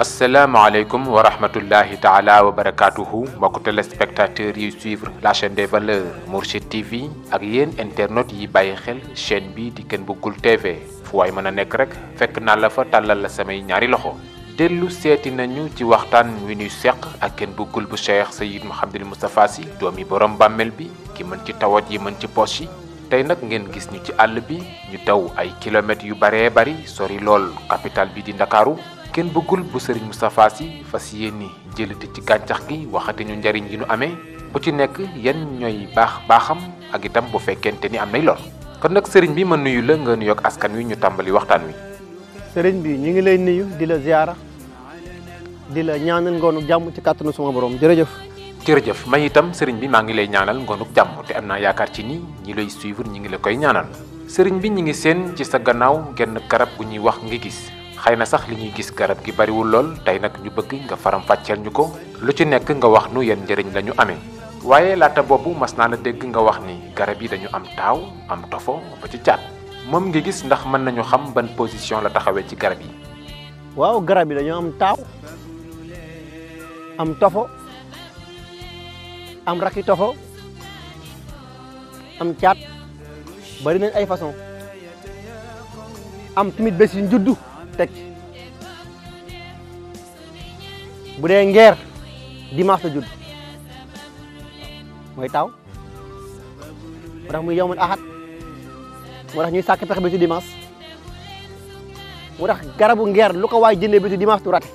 asalaamaaleykum wa rahmatullahi taala wa barakatuhu mbokk téléspectateurs yi suivre la chaîne des valeurs Mourchid TV ak yéen internautes yi bàyyi xel chaîne bi di Ken Bougoul TV fu waay mën rek fekk naa la fa tàllal la samay ñaari loxo dellu seeti nañu ci waxtaan wi ñuy seq ak Ken Bougoul bu Cheikh Sayid Mouhamadul Moustapha Sy doomi borom bàmmeel bi ki mën ci tawat yi mën ci poche yi tey nag ngeen gis ñu ci àll bi ñu daw ay kilomètres yu baree bari sori lool capital bi di Ndakaaru Ken bëggul bu sëriñ mustapha si fas yéene jëlati ci gàncax gi waxati ñu njariñ yi ñu amee bu ci nekk yan ñooy baax baaxam ak itam bu fekkente ni am nay lor kon nag sëriñ bi ma nuyu la nga nuyoog askan wi ñu tàmbali waxtaan wi. sëriñ bi ñu ngi lay nuyu di la ziara di la ñaanal ngoonu jàmm ci kàttanu suma borom jërëjëf. jërëjëf may itam sëriñ bi maa ngi lay ñaanal ngoonuk jàmm te am naa yaakaar ci ni ñi lay suivre ñi ngi la koy ñaanal sëriñ bi ñi ngi seen ci sa gannaaw genn garab gu ñuy wax ngi gis xeyna sax li ñuy gis garab gi bariwul lol tay nak ñu bëgg nga faram faccel ñuko ko lu ci nekk nga wax nu yeen njëriñ lañu amé waaye mas naa la dégg nga wax ni garab yi dañu am taw am tofo ba ci caat mom nga gis ndax mën nañu xam ban position la taxawé ci garab yi waaw garab yi dañu am taw am tofo am raki tofo am ciat, bari nañ ay façon am timit besin judu. teg bu dee ngeer dimanche la judd mooy taw moo tax muy yawmul ahad moo tax ñuy sàkk pexe bi ci dimanche moo tax garabu ngeer lu ko waay jëndee bi ci dimanche du rate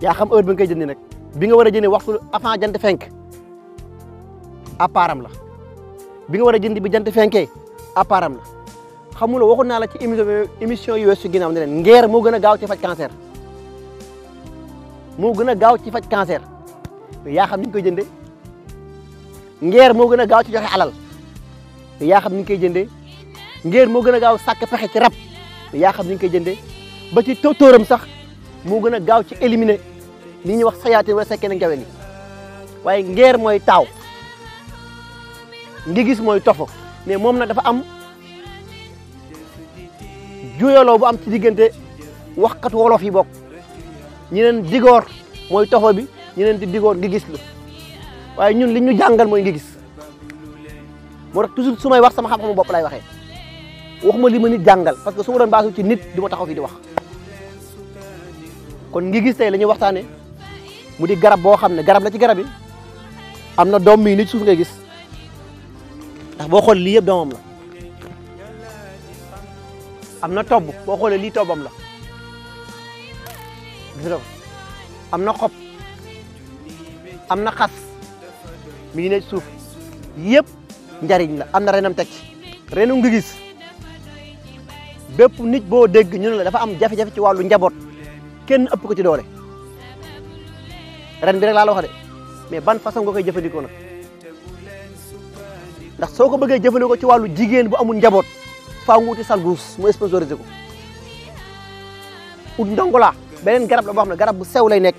yaa xam heure bi nga koy jëndee nag bi nga war a jëndee waxtu avant jant fenk apparam la bi nga war jënd bi jant fenkee apparam la xamuloo waxoon naa la ci émission émission yu weesu ginnaaw ne leen ngeer moo gën a gaaw ci faj cancer moo gën a gaaw ci faj cancer mais xam ni koy jëndee ngeer moo gën a gaaw ci joxe alal yaa xam ni koy jëndee ngeer moo gën a gaaw sàkk pexe ci rab mais yaa xam ni koy jëndee ba ci tóotóoram sax moo gën a gaaw ci éliminer li ñuy wax sayaati wala sa keneen jawel yi waaye ngeer mooy taaw ngi gis mooy tofo mais moom nag dafa am. juyaloo bu am ci wax kat wolof yi bok ñi leen digoor mooy toxo bi ñi leen di digor gi gis lu waye ñun li ñu jàngal mooy nga gis mo rek toujours sumay wax sama xam xam bop lay waxee waxuma li ma nit jangal parce que su ma doon ci nit du taxaw fi di wax kon gi gis tay lañu waxtane mu di garab bo xamne garab la ci garab yi amna dom mi nit suuf nga gis ndax bo xol li yeb domam la am na tobb boo xoolee lii tobbam la gis am na xob am na xas mi ngi ne suuf yëpp njariñ la am na renam teg renum ngi gis bépp nit boo dégg ñu ne la dafa am jafe-jafe ci wàllu njaboot kenn ëpp ko ci doole ren bi rek laa la wax de mais ban façon go koy jëfandikoo nag ndax soo ko bëggee jëfandikoo ci wàllu jigéen bu amul njaboot faaw mu wuti salgus mu sponsorisé ko ut ndongola beneen garab la boo na garab bu sew lay nekk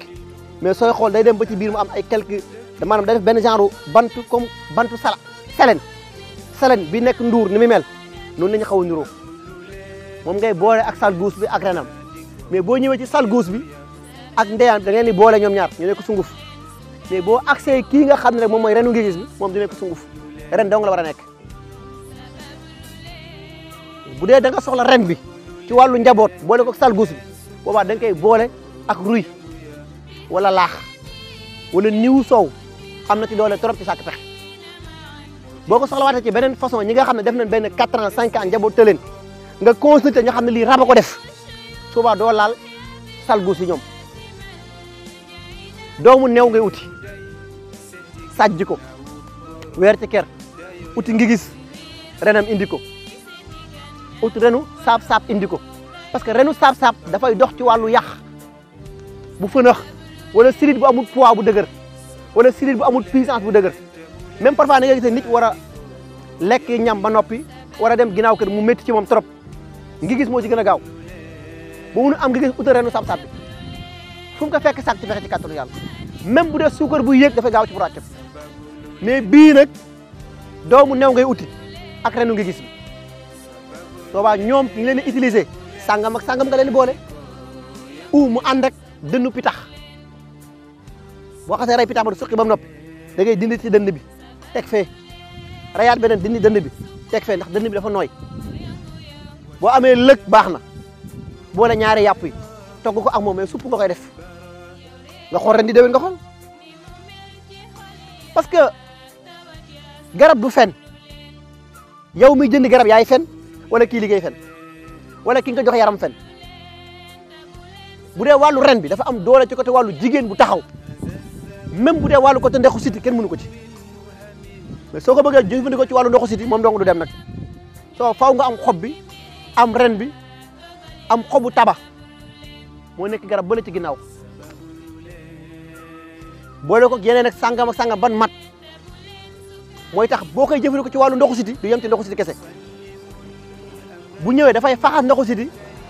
mais sooy xool day dem ba ci biir mu am ay quelques maanaam day def benn genre bantu comme bantu sala selen selen bi nekk nduur ni muy mel noonu la ñu xaw a niroo moom ngay boole ak salgus bi ak renam mais boo ñëwee ci salgus bi ak ndeyaan da ngeen di boole ñoom ñaar ñu nekk sunguf mais boo see kii nga xam ne moom mooy renu ngigis bi moom di nekk sunguf ren dong la war a bu dee da nga soxla ren bi ci wàllu njaboot boole ko salgus bi boobaa da nga koy boole ak ruy wala laax wala niw soow am na ci doole trop ci sàkk pexe boo ko soxlawaatee ci beneen façon ñi nga xam ne def nañ benn 4 ans 5 ans njaboot tëleen nga consulté ñoo xam ne lii raba ko def suba doo laal salgus yi ñoom doomu neew ngay uti sajji ko weer ci ker uti ngigis renam indi ko ut renu saab-saab indi ko parce que renu saab-saab dafay dox ci wàllu yàq bu fënax wala sirit bu amul poids bu dëgër wala sirit bu amul puissance bu dëgër même parfois da nga gis nit war a lekk ñam ba noppi war a dem ginnaaw kër mu métti ci moom trop ngi gis moo ci gën a gaaw ba mënu am ngi gis uta reenu saab-saab bi fu fekk sàkk ci fexe ci kàttanu yàlla même bu dee suukar bu yéeg dafay gaaw ci bu ràccam mais bii nag mu new ngay uti ak renu ngi gis bi soobaa ñoom ñu leen di utiliser sangam ak sangam nga leen boole ou mu ànd ak dënnu pitax boo xasee rey pitax ba du suqi ba mu noppi da dindi ci dënn bi teg fee reyaat beneen dindi dënn bi teg fee ndax dënn bi dafa nooy boo amee lëg baax na boole ñaari yàpp yi togg ko ak moom mais supp nga koy def nga xool ren di déwén nga xool parce que garab du fen yow mi jënd garab yaay fen wala kii liggéey fen wala ki nga ko joxe yaram fen bu dee wàllu ren bi dafa am doole ci côté wàllu jigéen bu taxaw même bu dee wàllu côté ndoxu siti kenn mënu ko ci mais soo ko bëggee jëfandikoo ci wàllu ndoxu siti moom dem nag soo faw nga am xob bi am ren bi am xobu tabax moo nekk garab bële ci ginnaaw boole ko yeneen ak sàngam ma sàngam ban mat mooy tax boo koy jëfandikoo ci wàllu ndoxu siti du yem ci ndoxu siti kese bu da fay faxas ndoxu sidi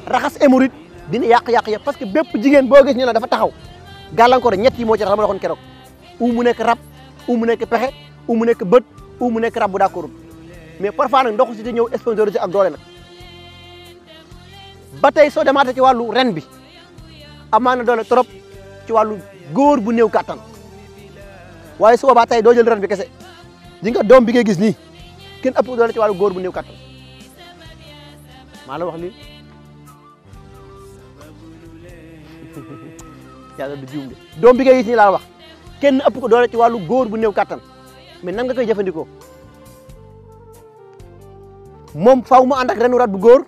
raxas hémorroïde dina yak yak ya parce que bép jigen bo gis ñu la dafa taxaw galankor ñetti mo ci tax la xon kérok u mu nek rap u mu nek pexé u mu nek bët u mu nek rab bu d'accord mais parfois nak ndoxu sidi ñëw ci ak doole nak batay so soo ci walu ren bi amana doole trop ci walu goor bu katan waye su ba tay ren bi kese ji nga bi ngay gis ni ken ëpp doole ci walu goor bu katan Malu la wax lii yàlla du jiw de doom bi ngay yiss ni la wax kenn ëpp ko doore ci walu goor bu new katan mais nan nga koy jëfandikoo mom faaw mu andak renu rat bu goor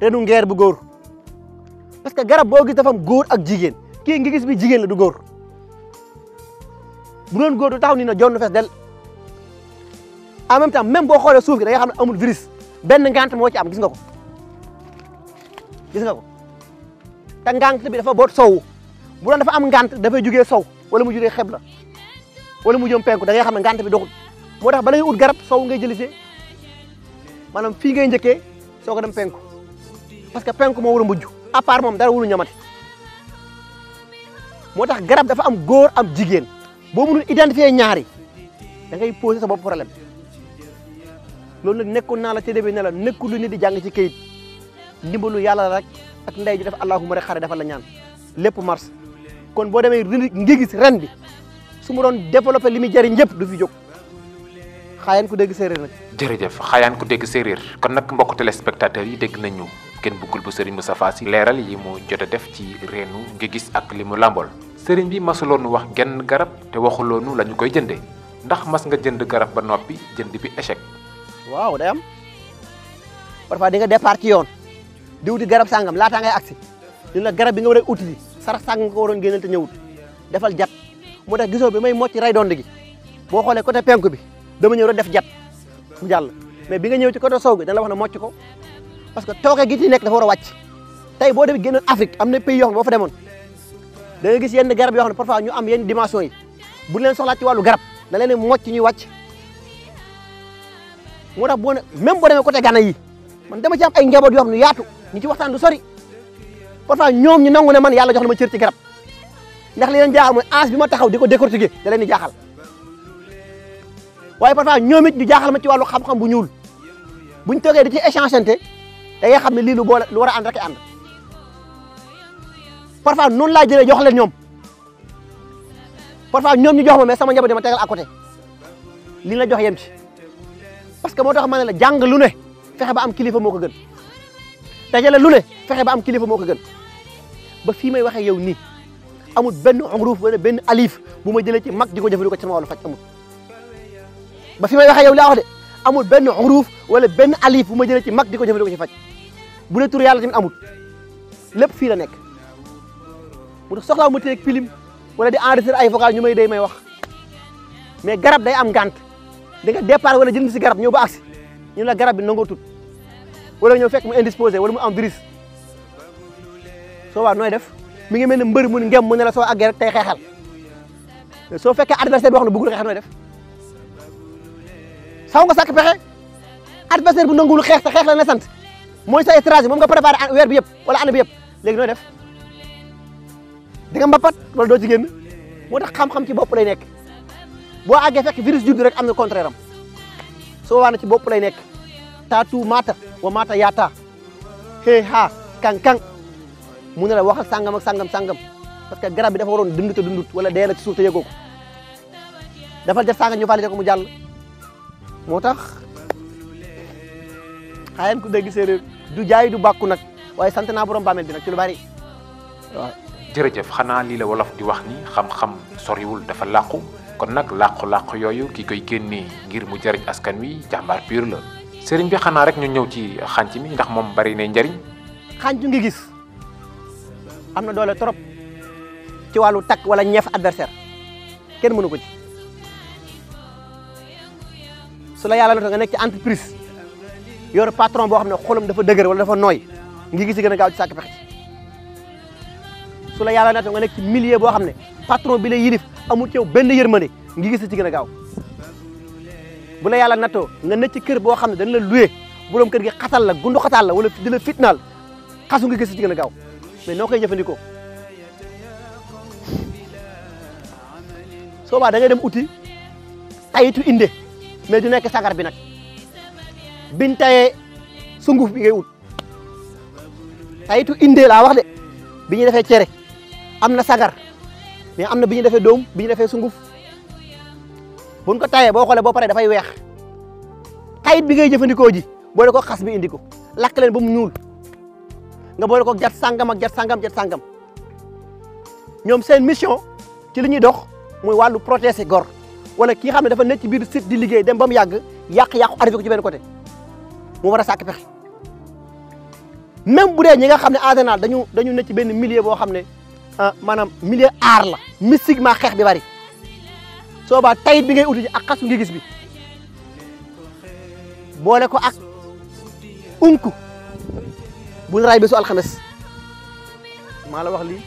renu ngeer bu goor parce que garab bo gis dafa am goor ak jigen ki nga gis bi jigen la du goor bu doon goor du taxaw ni na jonne fess del en même temps même bo xolé souf gi da nga xamne amul virus ben ngant mo ci am gis nga ko gis nga ko ta ngant bi dafa bot sow bu doon dafa am ngant dafa jugge sow wala mu xeb la wala mu jom penku da ngay xam ngant bi doxul motax balay ut garab sow ngay jëlisee manam fi ngay ñëkke soo ko dem penku parce que penku moo mujju a part mom dara wulu ñamati motax garab dafa am góor am jigéen boo mënul identifier ñaari da ngay poser sa bop problème lolou nag na la ci debi ne la nekkul lu nit di jang ci keuyit ndimbalu yalla rek ak nday ji def allahumma rek xare defal la ñaan lepp mars kon bo demee ngi gis ren bi su mu don développer limi jari ñep du fi jog xayan ku dégg nak nag jërëjëf xayan ku dégg séeréer kon nak mbokk telespectateur yi dégg nañu ken bugul bu serigne Moustapha Sy leral yi mu jotta def ci renu ngi gis ak limu lambol serigne bi masulon wax genn garab te waxulonu la koy jënde ndax mas nga jënd garab ba nopi jënd bi échec waaw day am parfois di nga départ ci yoon di wuti garab sàngam laataa ngay agsi ñu la garab bi nga war a uti ji sarax sàngam nga ko waroon génnal te ñëwut defal jat moo tax giso bi may mocc ray dond gi boo xoolee côté penku bi dama ñëw rek def jat fu jàll mais bi nga ñëw ci côté sow bi dana la wax ne mocc ko parce que tooke gi ci nekk da war a wàcc tey boo demee génnoon Afrique am na pays yoo xam boo fa demoon da nga gis yenn garab yoo xam ne parfois ñu am yenn dimension bu leen soxlaa ci wàllu garab da leen mocc ñuy wàcc moo boo ne même boo demee côté Ghana yi dama ci ay njaboot yoo xam yaatu ñu ci waxtaan lu sori parfois ñoom ñu nangu ne man yàlla jox na ma cër ci garab ndax li leen jaaxal mooy ange bi ma taxaw di ko décortiquer da leen di jaaxal waaye parfois ñoom it di jaaxal ma ci wàllu xam bu ñuul buñ toogee di ci échangeante da ngay xam ne lii lu boole lu war a ànd rek ànd parfois noonu laa jëlee jox leen ñoom parfois ñoom ñu jox ma mais sama njaboot dama tegal à côté li la jox yem ci parce que moo tax ma ne la jàng lu ne fexe ba am kilifa moo ko gën. dajale lu fexe ba am kilifa moko gën ba fi may waxé yow ni amul benn umruf wala benn alif bu ma jëlee ci mag diko ko jëfandikoo ci sama wàllu fajj amul ba fi may waxé yow la wax de amul benn umruf wala benn alif bu ma jëlee ci mag diko ko jëfandikoo ci fajj bu ne tour yàlla tim amul lépp fi la nek bu tax soxla mu téye ak film wala di enregistrer ay vocal ñu may day may wax mais garab day am gante da nga départ wala jënd ci garab ñëw ba aksi ñu la garab bi nangotut wala ñoo fekk mu indisposé wala mu am virus soo waa nooy def mi ngi mel ne mbër mun ngem mu ne la soo àggee rek tey xeexal soo fekkee adversaire boo xam ne bëggul xeex nooy def sa nga sàkk pexe adversaire bu nanguwul xeex te xeex la na sant mooy sa stratégie moom nga préparé weer bi yëpp wala année bi yëpp léegi noy def di nga mbapat wala doo ci génn moo tax xam-xam ci bopp lay nekk boo àggee fekk virus judd rek am na contraire am soo waa na ci bopp lay nekk taatu maata wa maata yaata xee xaa mu ne la waxal sangam ak sangam sangam parce que garab bi dafa waroon dund te dundut wala dee na ci suuf te yëgoo ko dafal def sangam ñu validé ko mu jàll moo tax xaayam ku dégg du jaay du bàkku nag waaye sant naa borom bàmmeel bi nag ci lu bari waaw. jërëjëf xanaa lii la wolof di wax ni xam-xam soriwul dafa làqu kon nag làqu-làqu yooyu ki koy génnee ngir mu jëriñ askan wi jàmbaar pur la. sëriñ bi xanaa rek ñu ñëw ci xànc mi ndax moom bari na njariñ xànc ngi gis am na doole trop ci wàllu takk wala ñeef adversaire kenn mënu ko ci su la yàlla nga nekk ci entreprise yor patron boo xam ne xolam dafa dëgër wala dafa nooy ngi gis gën a gaaw ci sàkk pexe ci su la yàlla nga nekk ci milieu boo xam ne patron bi la yilif amul ci yow benn yërmande ngi gis ci gën a gaaw bu la yàlla nattoo nga ne ci kër boo xam ne dañ la loué boroom kër gi xatal la gundu xatal la wala di la fitnaal xasu nga gis ci gën a gaaw mais noo koy jëfandikoo soobaa da ngay dem uti tayitu inde mais du nekk sagar bi nag biñ tayee sunguf bi ngay ut tayitu inde la wax de bi ñu defee cere am na sagar mais am na bi ñu defee doom bi ñu defee sunguf buñ ko tayee boo xoolee boo paree dafay weex kayit bi ngay jëfandikoo ji boole ko xas bi indi ko lakk leen ba mu ñuul nga boole ko jat sangam ak jat sangam jat sangam ñoom seen mission ci li ñuy dox muy wàllu protéger gor wala ki nga xam ne dafa nekk ci biir site di liggéey dem ba mu yàgg yàq-yàqu arrivé ko ci benn côté mu war a sàkk pexe même bu dee ñi nga xam ne en général dañu dañu nekk ci benn milieu boo xam ne ah, maanaam milieu aar la mystiquement xeex bi bari soobaa tayit bi ngay uti ji ak xasu ngi gis bi boole ko ak unku bul raay bésu alxames maa la wax lii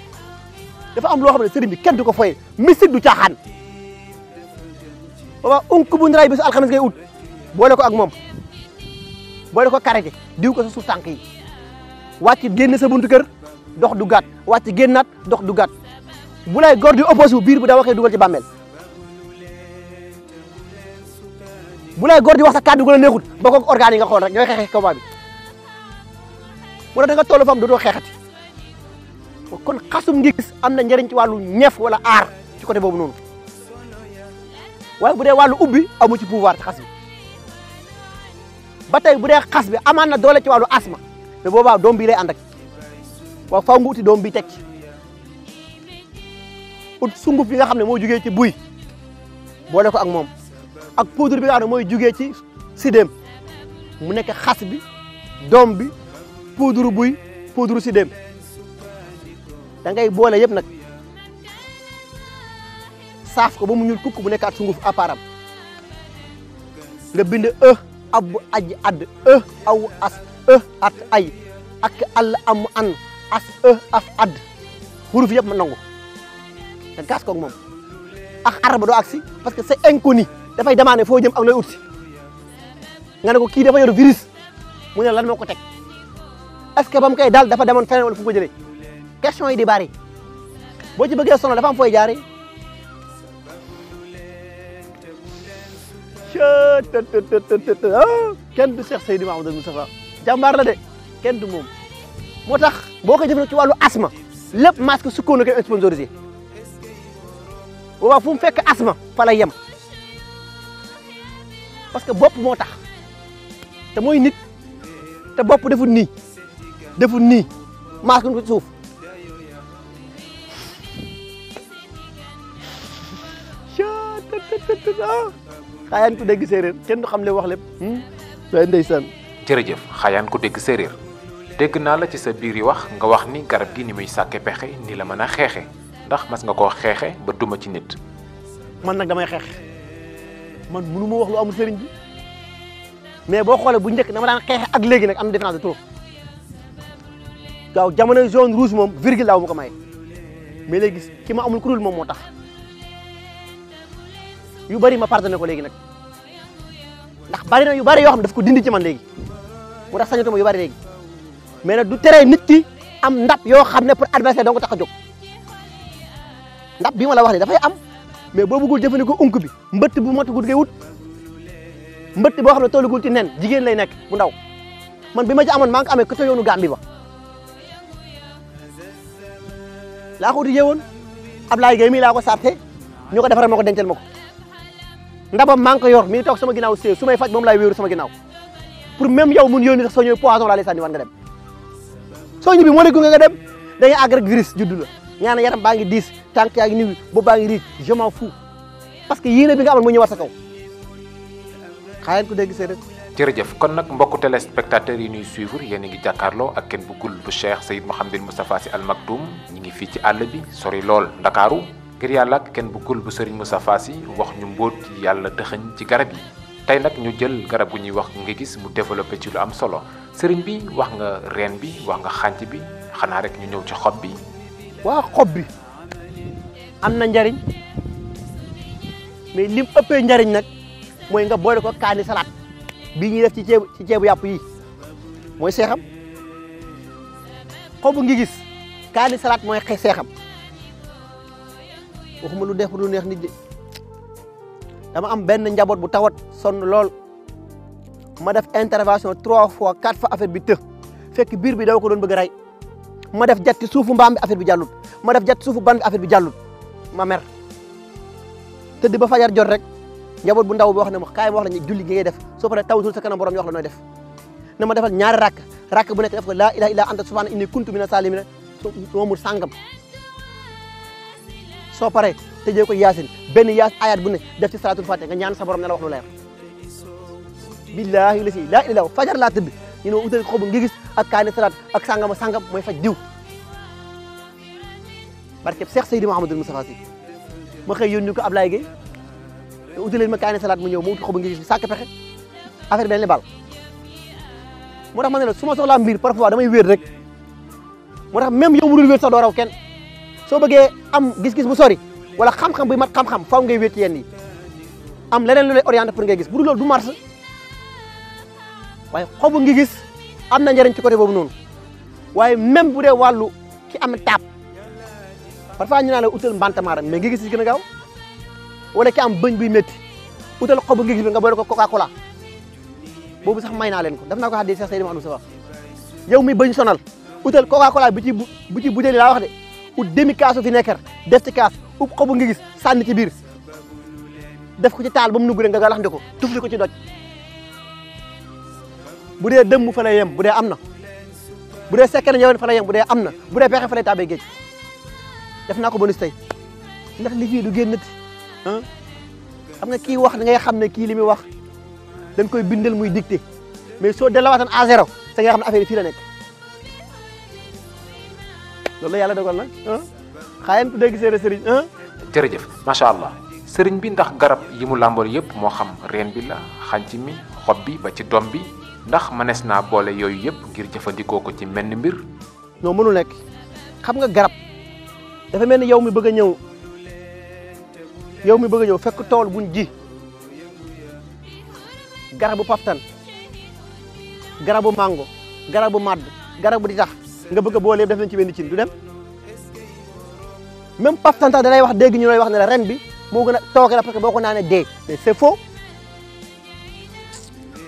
dafa am loo xam ne sëriñ bi kenn du ko foye mystique du caaxaan booba unku buñ raay bésu alxames ngay ut boole ko ak moom boole ko kare gi diw ko sa suuf tànk yi wàcc génn sa buntu kër dox du gaat wàcc génnaat dox du gaat bu lay góor di opposé wu biir bu daa waxee dugal ci bàmmeel bu lay góor di wax sa kaddu gu nekhut neexut ba ko organe nga xol rek ñooy xeexee combat bi mu da nga toll fam do xexati kon xasum ngi gis amna ñariñ ci walu ñef wala ar ci côté bobu non way bu dee walu ubbi amu ci pouvoir ci xas bi ba bu dee xas bi amaan doole ci walu asma be boba dom bi lay andak wa waaw faw nga uti bi tek ut sunguf bi nga xamne mo joge ci buy boole ko ak mom ak poudre bi nga mooy jugee ci sidéem mu nekk xas bi doom bi poudre buy poudre sidéem da ngay boole yëpp nag saaf ko ba mu ñuul kukk bu nekkaat sunguf apparam nga bind e aj add e, aw as e at ak all am an as e, add xuruf yëpp ma nangu nga gaas koog moom ak araba doo agsi parce que c'est inconnu dafay demandé foo jëm ak looy ut nga ne ko kii dafa yor virus mu ne lan moo ko teg est ce que ba koy daal dafa demoon feneen wala ko jëlee question yi di bari boo ci bëggee sonal dafa am fooy du Cheikh Seydou Mahamadou Moustapha kenn du moom tax boo ko jëfandikoo ci wàllu asma lépp masque sukkoon na koy sponsorisé fu mu fekk asma fa lay yem. parce que bopp moo tax te mooy nit te bopp deful nii deful nii maas ko suuf xayaan ku dégg séeréer kenn du xam li wax lépp hmm? waaye ndeysaan jërëjëf xayaan ku dégg séeréer dégg naa la ci sa biir yi wax nga wax ni garab gi ni muy sàkke pexe ni la mën a ndax mas nga koo xeexe ba duma ci nit man nag damay xeex man mënu ma wax lu amul sëriñ bi mais boo xoolee bu njëkk dama daan xeexe ak léegi nag am na différence de trop waaw jamono zone rouge moom virgule daaw ma ko may mais léegi ki ma amul kuréel moom moo tax yu bari ma pardonné ko léegi nag ndax bari na yu bari yoo xam daf ko dindi ci man léegi mu tax sañatuma yu bari léegi mais nag du teree nit ki am ndab yoo xam ne pour adversaire dong tax a jóg ndab bi ma la wax dafay am. mais bo bëggul jëfëndiko unku bi mbëtt bu motu gud wut mbëtt bo xamne gul ci nen jigen lay nek bu ndaw man bima ci amon ma nga amé ko yoonu gambi ba la ko yewon won ablaye gay mi la ko sarté ñuko defaral mako dencal mako ndabam ma nga yor mi tok sama ginaaw sé sumay faj mom lay wëru sama ginaaw pour même yow mun yoni sax so poison la lay sandi wan nga dem soñu bi mo lay ko nga dem da nga ag rek virus juddu ñaan yaram baangi 10 tanki ak niwi boba ngi riik je m'en fous parce que yene bi nga amal mo ñewat sa kaw xayen ko dégg seen jërëjëf kon nag mbokku téléspectateurs yi ñuy suivre yene a ngi jakarlo ak ken bu gul bu cheikh sayid mohamed moustapha ci al maktoum ñi ngi fi ci all bi sori lol ndakaaru ngir yalla ak kenn bu gul bu serigne moustapha ci wax ñu mbóot yàlla dëxëñ ci garab yi tay nak ñu jël garab gu ñuy wax nga gis mu développer ci lu am solo serigne bi wax nga reen bi wax nga xanti bi xana rek ñu ñew ci xob bi wa xob bi am na njariñ mais lim ëppee njariñ nag mooy nga boole ko kaani salat bi ñuy def ci ceebu ci ceebu yàpp yi mooy seexam xobu ngi gis kaani salat mooy xe seexam waxuma lu def lu neex nit dama am benn njaboot bu tawat sonn lool ma def intervention trois fois quatre fois affaire bi të fekk biir bi daw ko doon bëgg rey ma def jatti suufu mbaam bi affaire bi jàllut ma def jatti suufu ban bi affaire bi jàllut ma mer tëdd ba fajar jot rek njabot bu ndaw bo xamne na ma kaay ma wax la julli gi ngay def so fa tawsul sa kanam borom ñu wax la nooy def na ma defal ñaar rak rak bu nek def ko laa ilaha illa anta subhana inni kuntu min salimin mina salimina sangam so pare te jey ko yasin ben yas ayat bu ne def ci salatul fatih nga ñaan sa borom ne la wax lu leer billahi la ilaha fajar la tib ñu ne utal xobu ngi gis ak kaani salat ak sangam sangam moy faj diw barkeb Seex Seydi Mouhamadou Moustapha Sy ma xëy yónni ko Ablaye Gueye uti leen mu ñëw ma uti xobu ngi gis sàkk pexe ma ne la su ma soxlaa mbir damay wéet rek même yow mu dul wéet sax doo soo bëggee am gis-gis bu sori wala xam-xam buy mat xam ngay wéet yenn yi am leneen lu pour ngay gis bu dul loolu du mars waaye xobu ngi gis am na njëriñ ci côté boobu noonu waaye même bu dee wàllu ki am taab parfois ñu naa la utal mbantamaara mais nga gis ci gën a gaaw wala ki am bañ buy metti utal xobu ngigis bi nga boole ko coca cola boobu sax may naa leen ko def naa ko xaddi sax Seydou Manou Safa yow mi bañ sonal utal coca cola bu ci bu ci butéeli wax de ut demi kaasu fi nekkar def ci kaas ut xobu ngigis sànni ci biir def ko ci taal bam mu nugg rek nga galaxndi ko tufli ko ci doj bu dee dëmm fa lay yem bu dee am na bu dee sekkee na yowen fa lay yem bu dee am na bu dee pexe fa lay def naa ko bonus tey ndax liggéey du génnati ah? xam nga kii wax da ngay xam ne kii li muy wax dañ koy bindal muy dicté mais soo delluwaatan à zéro sa nga xam ne affaire yi fii la nekk loolu yàlla dogal na xaayan tu dégg séeré sëriñ ah? jërëjëf macha allah sëriñ bi ndax garab yi mu làmbool yëpp moo xam reen bi la xànc mi xob bi ba ci doom bi ndax mënees naa boole yooyu yëpp ngir jëfandikoo ko ci menn mbir non mënul nekk xam nga garab dafa mel ni yow mi bëgg a ñëw yow mi bëgg ñëw fekk tool buñ ji garabu paptan garabu mango garabu màdd garabu di tax nga bëgg a boole yëpp def nañ ci benn cin du dem même paptan tax dalay wax dégg ñu lay wax ne la ren bi moo gën a tooke la parce que boo ko naanee dee mais c'est faux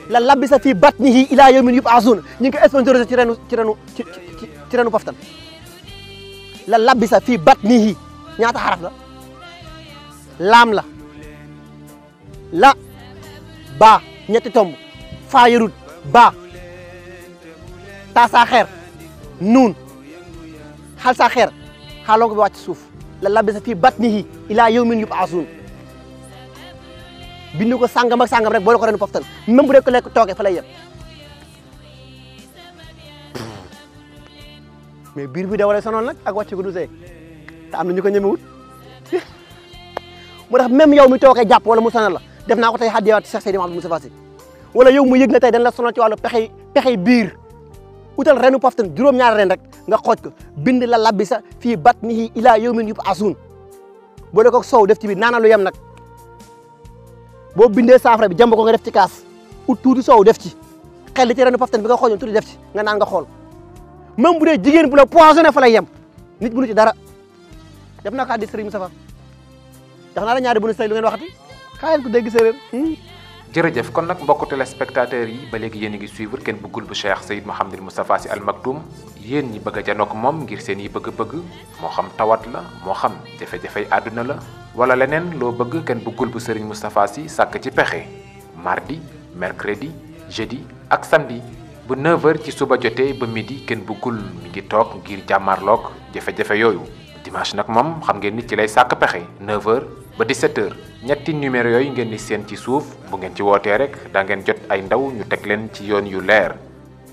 la labisa fii batnihi ilaa yawmin yub'asun ñu ngi ko sponsorisé ci renu ci renu ci renu paptan la labisa fii batnihi ñaata xaraf la laam la la ba ñetti tomb faa yarut ba taa saa nuun xal saa xeer xaaloo ko suuf la labisa fii batnihi ilaa yawmin yub'asun bindu ko sàngam ak sàngam rek boole ko ren poftan même bu dee ko lekk toogee fa lay yem mais biir bi dawalee sonal nag ak wàcc ko du see te am na ñu ko ñemewut mu tax même yow mi tookee jàpp wala mu sonal la def naa ko tey xaddi yawaat Cheikh Seydi Mouhamed Moustapha Sy wala yow mu yëg na tey dañ la sonal ci wàllu pexe pexe biir utal renu paftan juróom-ñaari reen rek nga xooj ko bind la labbi sa fii bat nihi ilaa yawmin yub'asun boole ko soow def ci biir naana lu yem nag boo bindee saafara bi jàmb ko nga def ci kaas ut tuuti soow def ci xel li ci renu paftan bi nga def ci nga naan nga xool même bu dee jigéen bu la poisonné fa lay yem nit bu nu ci dara def na ko àddi Serigne Moustapha jox naa la ñaari bu nu sëy lu ngeen waxati xaaral ko dégg séeréer. Hmm? jërëjëf kon nag mbokk téléspectateurs yi ba léegi yéen a ngi suivre kenn bëggul bu Cheikh Seydou Mouhamadou Moustapha Sy Al Maktoum yéen ñi bëgg a janook moom ngir seen yi bëgg-bëgg moo xam tawat la moo xam jafe-jafey àdduna la wala leneen loo bëgg kenn bëggul bu Serigne Moustapha si sàkk ci pexe mardi mercredi jeudi ak samedi bu 9h ci suba ken ba midi kenn buggul mi ngi tok ngir lok jafé jafé yoyu dimanche nak mom xam ngeen ni ci lay sak pexé 9h ba 17h ñetti numéro yoy ngeen ni seen ci suuf bu ngeen ci woté rek da ngeen jot ay ndaw ñu tek leen ci yoon yu leer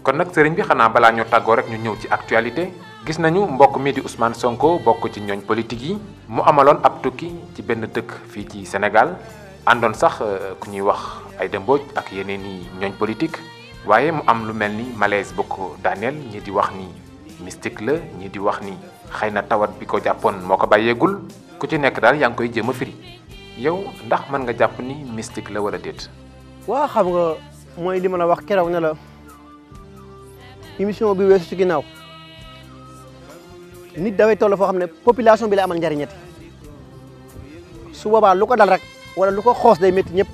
kon nak sëriñ bi xana bala ñu taggo rek ñu ñëw ci actualité gis nañu mbokk mi di Ousmane Sonko bokku ci ñoñ politique yi mu amalon ab tukki ci benn dëkk fi ci Sénégal andon sax eh, ku ñuy wax ay dëmbooj ak yeneeni ñoñ politique waye mu am lu melni ni malaise bu ko daniel ñi di wax ni mystique la ñi di wax ni xeyna tawat bi ko japon moko bayegul ku ci nek dal yang koy firi yow ndax man nga japp ni mystique la wala det wa xam nga moy li ma wax kéraw ne la émission bi wess ci ginaaw nit ne population bi la amal ndariñet su baba lu dal rek wala lu ko xoos day metti ñep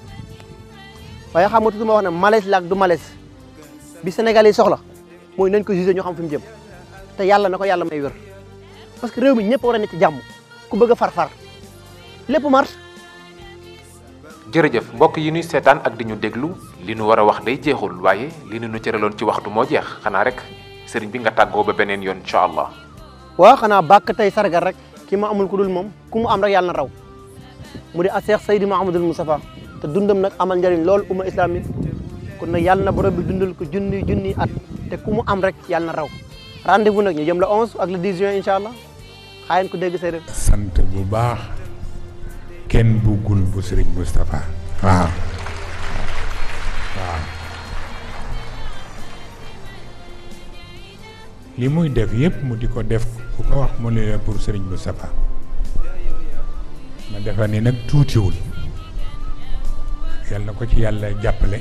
waye xamatu duma wax ne malaise lak du malaise. bi senegali soxla mooy nañ ko jugé ñu xam fi mu jëm te yàlla na ko yàlla may wér parce que réew mi ñëpp wara a ne ci jàmm ku bëgg a far-far lépp mars jërëjëf mbokk yi nuy seetaan ak di ñu déglu li nu war a wax day jeexul waaye li ñu cëraloon ci waxtu moo jeex xanaa rek sëriñ bi nga tàggoo ba beneen yoon incha allah. waaw xanaa bàkk tey sargal rek ki ma amul ku dul moom ku mu am rek yàlla na raw mu di a Seex Seydi Mahamadul Mustafa te dundam nag amal njëriñ lool kon nag yàlla na borom bi dundal ko junni junni at te ku mu am rek yàlla na raw rendez-vous nag ñu jëm la 11 ak le di juin incha allah xaayan ko dégg séeréer. sant bu baax kenn buggul bu Serigne Moustapha. waaw waaw li muy def yépp mu di ko def ku ko wax mu ne pour Serigne Moustapha ma defa ni nag tuutiwul yàlla na ko ci yàlla jàppale.